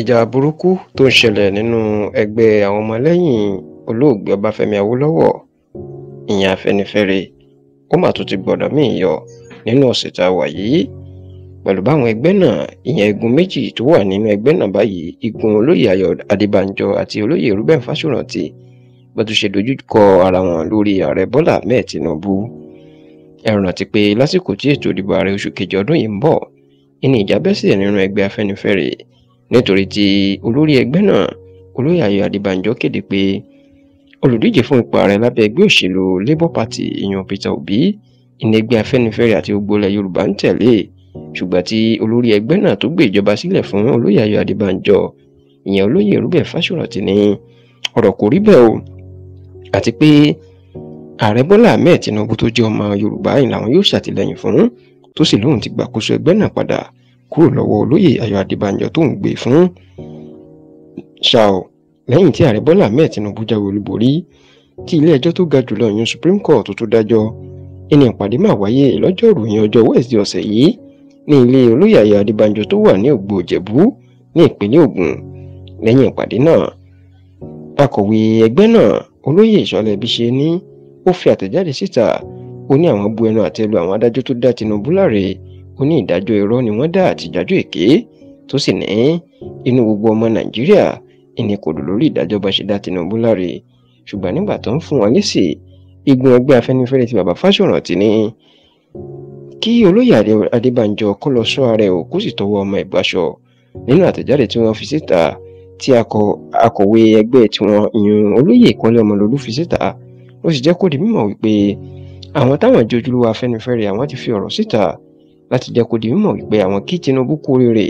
ìjà burúkú tó ń ṣẹlẹ̀ nínú ẹgbẹ́ àwọn ọmọlẹ́yìn olóògbé ọbáfẹ́mi awólọ́wọ̀ ìyẹn afẹ́nifẹ́re ó mà tún ti gbọ̀dọ̀ míì yọ nínú ọ̀sẹ̀ tá a wà yìí pẹ̀lú báwọn ẹgbẹ́ náà ìyẹn igun méjì tó wà nínú ẹgbẹ́ náà báyìí igun olóyè ayọ̀ adébánjọ àti olóyè rúbẹ̀n fásórántì bó tún ṣe dojú kọ ara wọn lórí ààrẹ bọ́lá ahmed tinubu ẹ rántí pé lásìkò tí ètò ìdìbò ààrẹ oṣù kejì ọdún yìí ń bọ̀ ìní ìjà bẹ́ nínú ẹgbẹ́ afẹ́nifẹ́re nítorí tí olórí ẹgbẹ́ náà olóyè ayọ̀ adébánjọ kéde pé olùdíje fún ipò ààrẹ lábẹ́ ẹgbẹ́ òṣèlú labour party ìyàn peter obi ìnẹgbẹ́ afẹ́nifẹ́re àti gbogbo ilẹ̀ yorùbá ń tẹ̀lé ṣùgbọ́n tí olórí ẹgbẹ́ náà tó gbé ìjọba sílẹ̀ fún olóyè ayọ̀ adébánjọ ìyẹn olóyè rúbẹ̀ fásórántì ní ọ̀rọ̀ kò rí bẹ́ẹ̀ o àti pé ààrẹ bọ́lá ahmed tinubu tó jẹ́ ọmọ yorùbá yìí làwọn yóò ṣàtìlẹ́yìn fún tó sì lóun ti gbàkóso ẹgbẹ́ náà padà kúrò lọ́wọ́ olóyè ayọ̀ adébánjọ tó ń gbè e fún ṣáò lẹ́yìn tí ààrẹ bọ́lá ahmed tinubu jáwé olúborí tí ilé ẹjọ́ tó ga jùlọ ìyẹn supreme court tó dájọ́ ẹni ìpàdé máa wáyé lọ́jọ́rú ìyẹn ọjọ́ wednesday ọ̀sẹ̀ yìí ní ilé olóyè ayọ̀ adébánjọ tó wà ní ògbó ìjẹ̀bú ní ìpínlẹ̀ ògùn lẹ́yìn ìpàdé náà akọ̀wé ẹgbẹ́ náà olóyè ìṣọ̀lá ẹbíṣe ní ó fi àtẹ̀jáde síta ó ní àwọn bu ẹnu àtẹ́lu àwọn adájọ́ tó dá tinubu láre ó ní ìdájọ́ irọ́ ni wọ́n dá àti ìdájọ́ èké tó sì ní inú gbogbo ọmọ nàìjíríà ìní kò dùn lórí ìdájọ́ bá ṣe dá tinubu láre ṣùgbọ́n nígbà tó ń fún wọn lésì igun ẹgbẹ́ afẹ́nifẹ́re ti bàbá fáṣọ̀rántì ni kí olóyè adébánjọ kó lọ sọ ara ẹ̀ ò kó sì tọwọ́ ọmọ ìgbàṣọ nínú àtẹ̀jáde tí wọ́n fi síta tí akọ̀wé ẹgbẹ́ tí wọ́n yan olóyè ìkọ́lé ọmọlólú fi síta ó sì jẹ́ kó di mímọ̀ wípé àwọn táwọn jojúlówó afẹ́nifẹ́re àwọn ti fi ọ̀rọ̀ síta láti jẹ́ kó di mímọ̀ wípé àwọn kí Tinubu kú oríire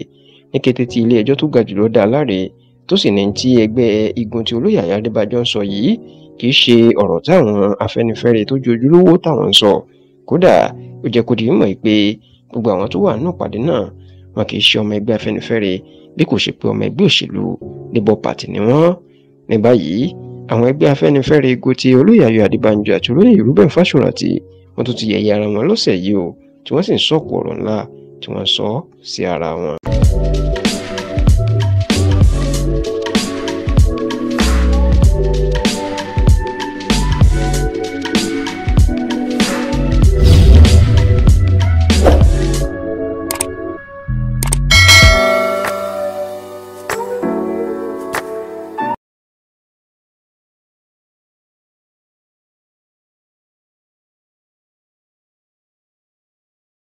ní kété tí ilé ẹjọ́ tó ga jùlọ dá láre tó sì ní tí ẹgbẹ́ igun tí olóyè Àyà Adébájọ ń sọ yìí kì í ṣe ọ̀rọ̀ táwọn Afẹ́nifẹ́re tó ju ojúlówó táwọn ń sọ kódà ó jẹ́ kó di mímọ̀ pé gbogbo àwọn tó wà nínú ìpàdé náà wọn kì í ṣe ọmọ ẹgbẹ́ Afẹ́nifẹ́re bí kò ṣe pé ọmọ ẹgbẹ́ òṣèlú Labour Party ni wọ́n ní báyìí àwọn ẹgbẹ́ Afẹ́nifẹ́re igun ti olóyè Ayọ̀ Adébánjọ àti olóyè Reuben Fásórántì wọ́n tún ti yẹ̀yẹ́ ara wọn lọ́sẹ̀ yìí o tí wọ́n sì ń sọ̀kò ọ̀rọ̀ ńlá tí wọ́n sọ sí ara wọn.